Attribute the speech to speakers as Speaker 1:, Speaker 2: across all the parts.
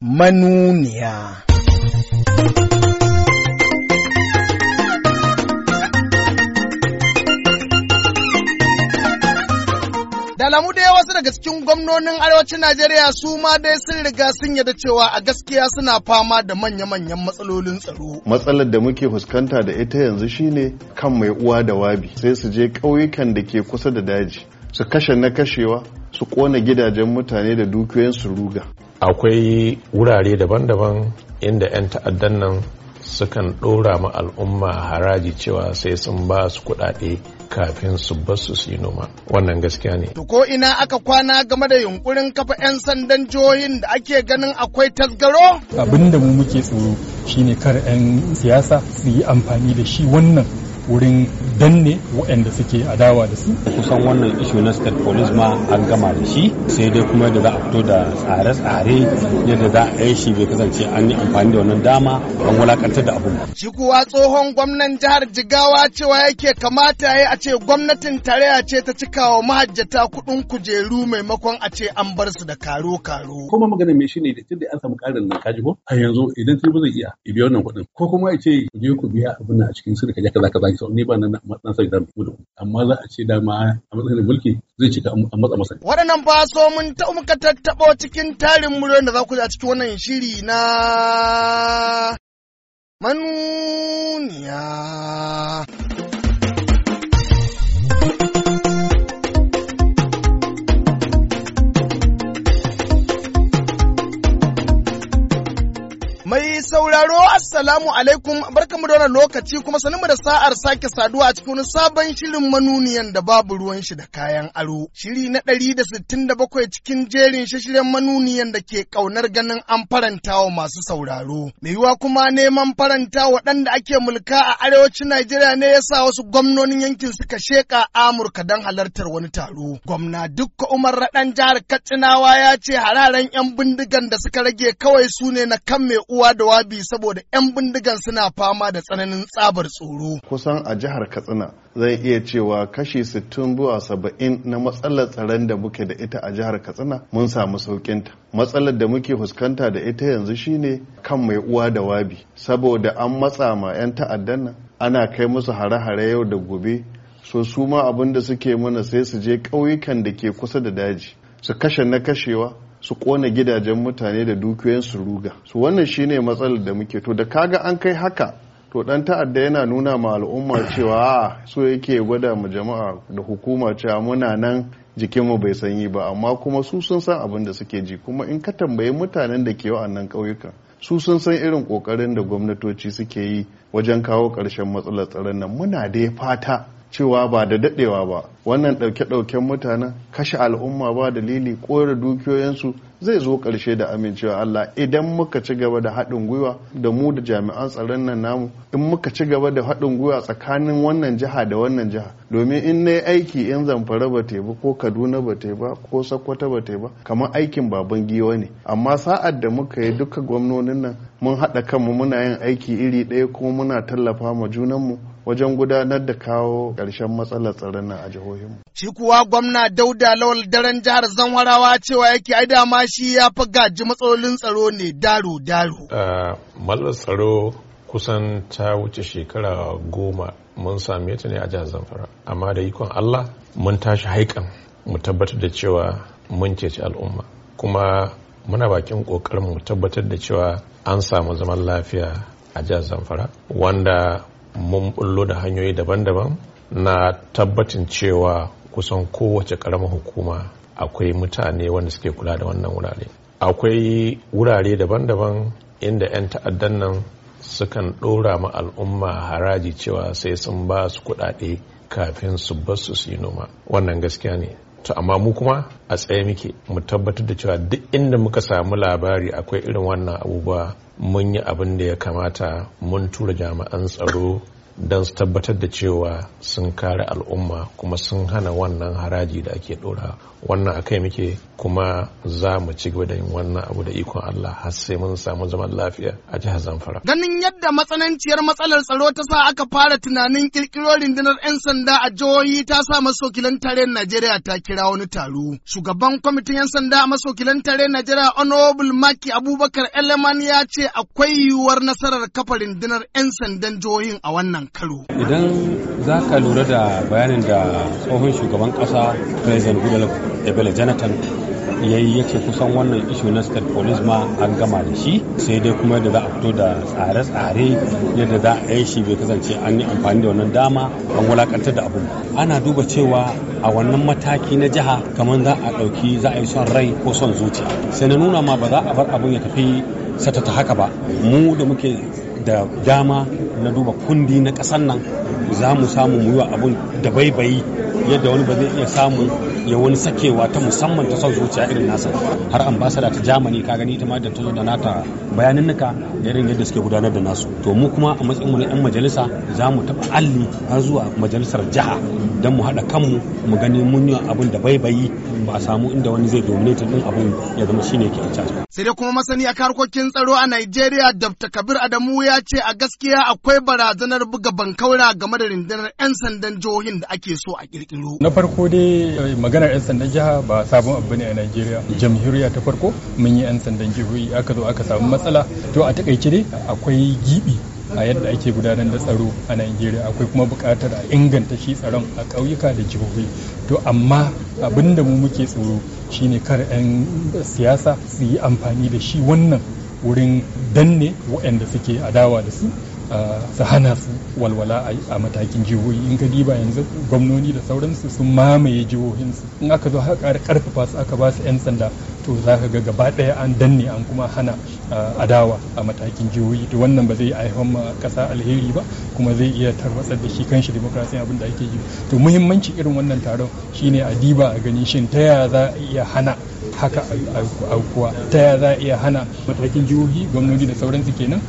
Speaker 1: manuniya. Da dai wasu daga cikin gwamnonin arewacin Najeriya su ma dai sun riga sun yarda cewa a gaskiya suna fama da manya-manyan matsalolin tsaro.
Speaker 2: Matsalar da muke fuskanta da ita yanzu shine kan mai uwa da wabi sai su je ƙauyukan da ke kusa da daji su kashe na kashewa su ƙona gidajen mutane da dukiyoyin su ruga.
Speaker 3: akwai wurare daban-daban inda 'yan ta'addan nan sukan ɗora ma al'umma haraji cewa sai sun ba su kuɗaɗe kafin su basu su yi noma wannan gaskiya ne.
Speaker 1: ko ina aka kwana game da yunkurin kafa 'yan sandan jihohin da ake ganin akwai tasgaro?
Speaker 4: Abin da mu muke tsoro shine kar 'yan siyasa su yi amfani da shi wannan wurin danne waɗanda suke dawa da su kusan wannan ishu na
Speaker 5: state police ma an gama da shi sai dai kuma yadda za a fito da tsare-tsare yadda za a yi shi bai kasance an yi amfani da wannan dama an wulakantar da abu
Speaker 1: shi kuwa tsohon gwamnan jihar jigawa cewa yake kamata ya a ce gwamnatin tarayya ce ta cika wa mahajjata kuɗin kujeru maimakon a ce an bar su da karo-karo
Speaker 6: kuma magana mai shi ne da da an samu ƙarin nan kaji ko a yanzu idan sai ba zai iya ibiya wannan kuɗin ko kuma ya ce ku je ku biya abin a cikin sirka kaza kaza ne ba nan matsansa da da amma za a ce dama a matsayin mulki zai cika a matsa masa.
Speaker 1: Waɗannan faso mun ta muka tattaɓo cikin tarin muryar da za ku ji a cikin wannan shiri na manuniya. sauraro assalamu alaikum barkamu da wannan lokaci kuma sanin da sa'ar sake saduwa a cikin sabon shirin manuniyan da babu ruwan shi da kayan aro shiri na ɗari da da bakwai cikin jerin shirin manuniyan da ke kaunar ganin an farantawa masu sauraro mai yiwuwa kuma neman faranta waɗanda ake mulka a arewacin Najeriya ne yasa wasu gwamnonin yankin suka sheka Amurka don halartar wani taro gwamna dukka Umar Raɗan jihar Katsinawa ya ce hararen 'yan bindigan da suka rage kawai su ne na kan mai uwa da harbi saboda 'yan bindigan suna fama da tsananin tsabar
Speaker 2: tsoro. Kusan a jihar Katsina zai iya cewa kashi 60 zuwa 70 na matsalar tsaron da muke da ita a jihar Katsina mun samu saukinta. Matsalar da muke fuskanta da ita yanzu shine kan mai uwa da wabi saboda an matsa ma 'yan ta'addan nan ana kai musu hare-hare yau da gobe so su ma abin da suke mana sai su je ƙauyukan da ke kusa da daji su kashe na kashewa su kona gidajen mutane da dukiyoyin su ruga su wannan shine matsalar da muke to da kaga an kai haka to dan ta'adda yana nuna ma al'umma cewa ah, so yake gwada mu jama'a da hukuma cewa muna nan jikinmu bai sanyi ba amma kuma su sun san abin da suke ji kuma in ka tambayi mutanen da ke wa'annan ƙauyukan su sun san irin ƙoƙarin da gwamnatoci suke yi wajen kawo ƙarshen matsalar tsaron nan muna dai fata cewa ba da daɗewa ba wannan ɗauke-ɗauken mutanen kashe al'umma ba dalili ƙora dukiyoyinsu zai zo ƙarshe da amincewa Allah idan muka ci gaba da haɗin gwiwa da mu da jami'an tsaron nan namu in muka ci gaba da haɗin gwiwa tsakanin wannan jiha da wannan jiha domin in na aiki in zamfara ba ba ko kaduna ba ba ko sakkwata ba ba kamar aikin baban giwa ne amma sa'ad da muka yi duka gwamnonin nan mun haɗa kanmu muna yin aiki iri ɗaya kuma muna tallafa ma junanmu wajen gudanar da kawo ƙarshen matsalar tsaron nan a jihohinmu.
Speaker 1: Shi kuwa gwamna Dauda Lawal daren jihar Zanwarawa cewa yake ai dama shi ya fi gaji matsalolin tsaro ne daru daru.
Speaker 3: Mallar tsaro kusan ta wuce shekara goma mun same ta ne a jihar Zamfara amma da ikon Allah mun tashi haikan mu tabbatar da cewa mun ceci al'umma kuma muna bakin ƙoƙarin mu tabbatar da cewa an samu zaman lafiya a jihar Zamfara wanda mun bullo da hanyoyi daban-daban na tabbacin cewa kusan kowace karamar hukuma akwai mutane wanda suke kula da wannan wurare akwai wurare daban-daban inda 'yan ta'addan nan sukan ɗora ma al'umma haraji cewa sai sun ba su kuɗaɗe kafin su basu su yi noma wannan gaskiya ne to amma mu kuma a tsaye muke mu tabbatar da cewa duk inda muka samu labari akwai irin wannan abubuwa mun yi abin da ya kamata mun tura jami'an tsaro don su tabbatar da cewa sun kare al'umma kuma sun hana wannan haraji da ake dora wannan a kai muke kuma za mu ci gaba da yin wannan abu da ikon Allah har sai mun samu zaman lafiya a jihar Zamfara.
Speaker 1: Ganin yadda matsananciyar matsalar tsaro ta sa aka fara tunanin kirkiro rundunar 'yan sanda a jihohi ta sa masokilan tarayyar Najeriya ta kira wani taro. Shugaban kwamitin 'yan sanda a masokilan tarayyar Najeriya Honorable Maki Abubakar Eleman ya ce akwai yiwuwar nasarar kafa rundunar 'yan sandan jihohin a wannan karo.
Speaker 5: Idan za ka lura da bayanin da tsohon shugaban ƙasa President Goodluck Ebele Jonathan ya yi yace kusan wannan ishu na state police ma an gama da shi sai dai kuma yadda za a fito da tsare-tsare yadda za a yi shi bai kasance an yi amfani da wannan dama an wulakantar da abu ana duba cewa a wannan mataki na jiha kamar za a ɗauki za a yi son rai ko son zuciya sai na nuna ma ba za a bar abun ya tafi satata haka ba mu da muke da dama na duba kundi na ƙasar nan za mu samu mu yi wa abun da yadda wani ba zai iya samu ya wani sakewa ta musamman ta son zuciya irin nasa har ambasada ta jamani ka gani ta ma da ta zo da nata bayaninnika da irin yadda suke gudanar da nasu to mu kuma a matsayin mu na yan majalisa za mu taɓa alli har zuwa majalisar jiha don mu haɗa kanmu mu gani mun yi abin da bai bayi ba a samu inda wani zai dominate din abin ya zama shine ke a
Speaker 1: sai dai kuma masani a harkokin tsaro a Najeriya Dr. Kabir Adamu ya ce a gaskiya akwai barazanar buga bankaura game da rindinar 'yan sandan jihohin da ake so a
Speaker 4: kirkiro na farko dai eh, maganar 'yan sandan jiha ba sabon abu ne a najeriya jamhuriya ta farko mun yi 'yan sandan jihohi aka zo aka samu matsala to a takaice dai akwai gibi a yadda ake gudanar da tsaro a najeriya akwai kuma buƙatar a inganta shi tsaron a ƙauyuka da jihohi to amma abin da mu muke tsoro shine kar 'yan siyasa su yi amfani da shi wannan wurin danne waɗanda suke adawa da su su hana su walwala a matakin jihohi in ka diba yanzu gwamnoni da sauransu sun mamaye jihohinsu in aka zo haka karfafa su aka ba su 'yan sanda to za ka ga gaba ɗaya an danne an kuma hana adawa a matakin jihohi to wannan ba zai haifar ma kasa alheri ba kuma zai iya tarwatsar da shi kanshi demokrasiyan abin da ake yi to muhimmanci irin wannan taron shine a diba a ganin shin ta yaya za a iya hana haka aukuwa ta ya za a iya hana matakin jihohi gwamnati da sauransu kenan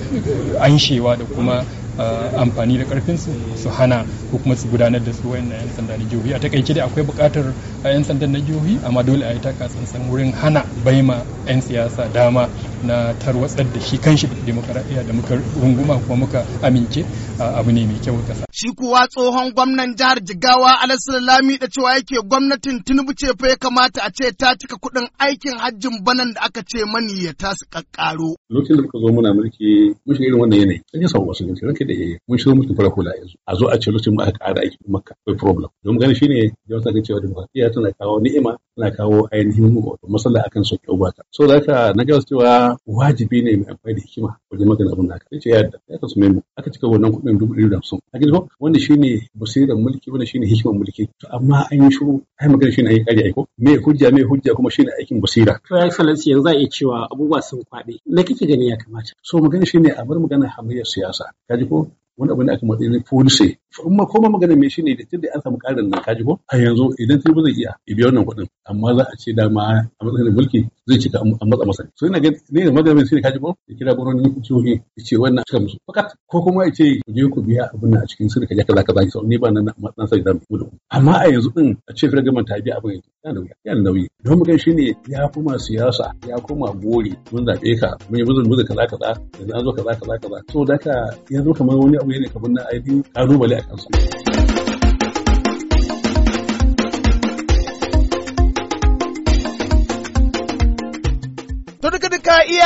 Speaker 4: anshewa da kuma ah, amfani da karfinsu su hana ko kuma su gudanar da su wayan yan sanda na jihohi a takaice dai akwai bukatar ah, yan sandan na jihohi amma dole a yi taka tsantsan wurin hana baima yan siyasa dama na tarwatsar da shi kanshi demokaradiyya da muka runguma kuma muka amince ah, abu ne mai kyau kasa
Speaker 1: Shi kuwa tsohon gwamnan jihar Jigawa Alassar Lami da cewa yake gwamnatin Tinubu ce fa ya kamata a ce ta cika kuɗin aikin hajjin banan da aka ce mani ya tasu kakkaro.
Speaker 6: Lokacin da muka zo muna mulki mun shiga irin wannan yanayi. An yi sabuwa sun yanci ranke da yayi mun shiga mutum fara hula yanzu. A zo a ce lokacin mu aka ƙara aiki makka akwai problem. Don gani shi shine yawan sa cewa demokradiyya tana kawo ni'ima tana kawo ainihin mu masala akan so kyau ba So da haka na gaba cewa wajibi ne mai amfani da hikima wajen magana abin da aka ce ya yadda ya kasu mai mu aka cika wannan kuɗin dubu ɗari da hamsin. A gidan wanda wanda shine basiran mulki wanda shine hikimar mulki to amma an yi shiru ai magana shine ai kare aiko me hujja me hujja kuma shine aikin basira to ya falansi yanzu za a yi cewa abubuwa sun kwade me kike gani ya kamata so magana shine a bar magana hamayyar siyasa kaji ko wani abu ne aka matsayin fulse in ma koma magana shi shine da tunda an samu karin nan kaji ko a yanzu idan tun zai iya ibi wannan kuɗin amma za a ce dama a matsayin mulki zai cika a matsa masa so ina ga ne da magana shine kaji ko ya kira gwamnati jihohi ya ce wannan cika musu fakat ko kuma ya ce ku je ku biya abin nan a cikin sirka ya kaza kaza so ni ba nan na sai da mu amma a yanzu din a ce fira gaman ta biya abin yana nauyi yana nauyi don mu shine ya kuma siyasa ya kuma gori mun zabe ka mun yi muzun muzun kaza kaza yanzu an zo kaza kaza kaza so da yanzu kamar wani kalubale ne kamar na ainihin kalubale a kansu.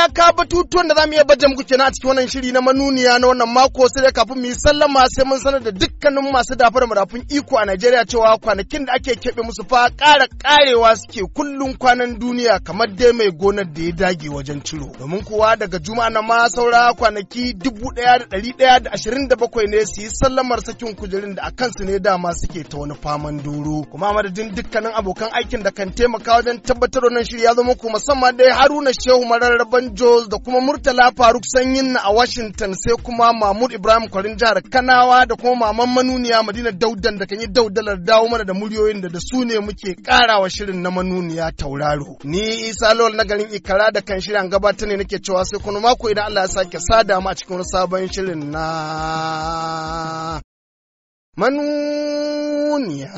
Speaker 1: iyaka batutuwan da za mu iya baje muku kenan a cikin wannan shiri na manuniya na wannan mako sai dai kafin mu yi sallama sai mun sanar da dukkanin masu dafar marafin iko a Najeriya cewa kwanakin da ake keɓe musu fa ƙara ƙarewa suke kullum kwanan duniya kamar dai mai gonar da ya dage wajen ciro. Domin kuwa daga juma'a na ma saura kwanaki dubu ɗaya da ɗari ɗaya da ashirin da bakwai ne su yi sallamar sakin kujerun da a kansu ne dama suke ta wani faman doro. Kuma madadin dukkanin abokan aikin da kan taimaka wajen tabbatar wannan shiri ya zama ku musamman dai Haruna Shehu mararraban Usman da kuma Murtala Faruk Sanyin na a Washington sai kuma Mahmud Ibrahim Kwarin jihar Kanawa da kuma Maman Manuniya Madina Daudan da kan yi daudalar dawo mana da muryoyin da da su ne muke karawa shirin na Manuniya tauraro. Ni Isa Lawal na garin Ikara da kan shirin gabatar ne nake cewa sai kuma mako idan Allah ya sake sada mu a cikin wani sabon shirin na Manuniya.